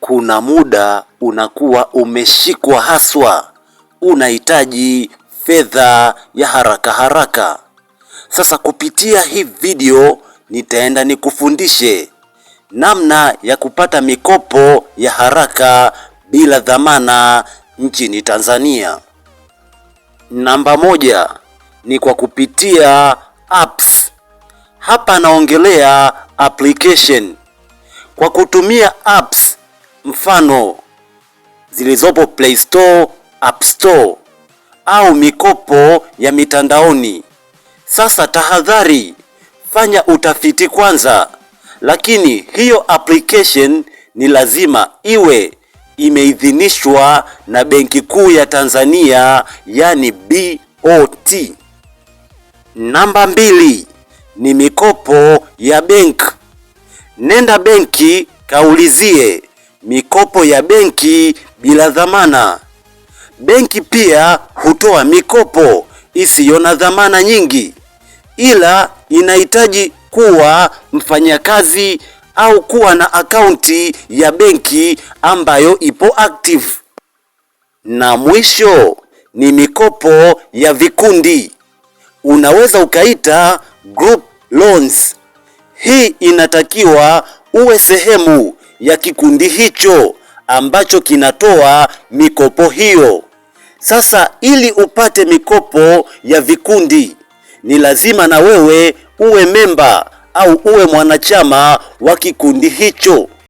kuna muda unakuwa umeshikwa haswa, unahitaji fedha ya haraka haraka. Sasa kupitia hii video nitaenda nikufundishe namna ya kupata mikopo ya haraka bila dhamana nchini Tanzania. Namba moja ni kwa kupitia apps. Hapa naongelea application. Kwa kutumia apps mfano zilizopo Play Store, App Store au mikopo ya mitandaoni. Sasa tahadhari, fanya utafiti kwanza, lakini hiyo application ni lazima iwe imeidhinishwa na Benki Kuu ya Tanzania, yani BOT. Namba mbili ni mikopo ya benki. Nenda benki kaulizie mikopo ya benki bila dhamana. Benki pia hutoa mikopo isiyo na dhamana nyingi, ila inahitaji kuwa mfanyakazi au kuwa na akaunti ya benki ambayo ipo active. Na mwisho ni mikopo ya vikundi, unaweza ukaita group loans. Hii inatakiwa uwe sehemu ya kikundi hicho ambacho kinatoa mikopo hiyo. Sasa ili upate mikopo ya vikundi ni lazima na wewe uwe memba au uwe mwanachama wa kikundi hicho.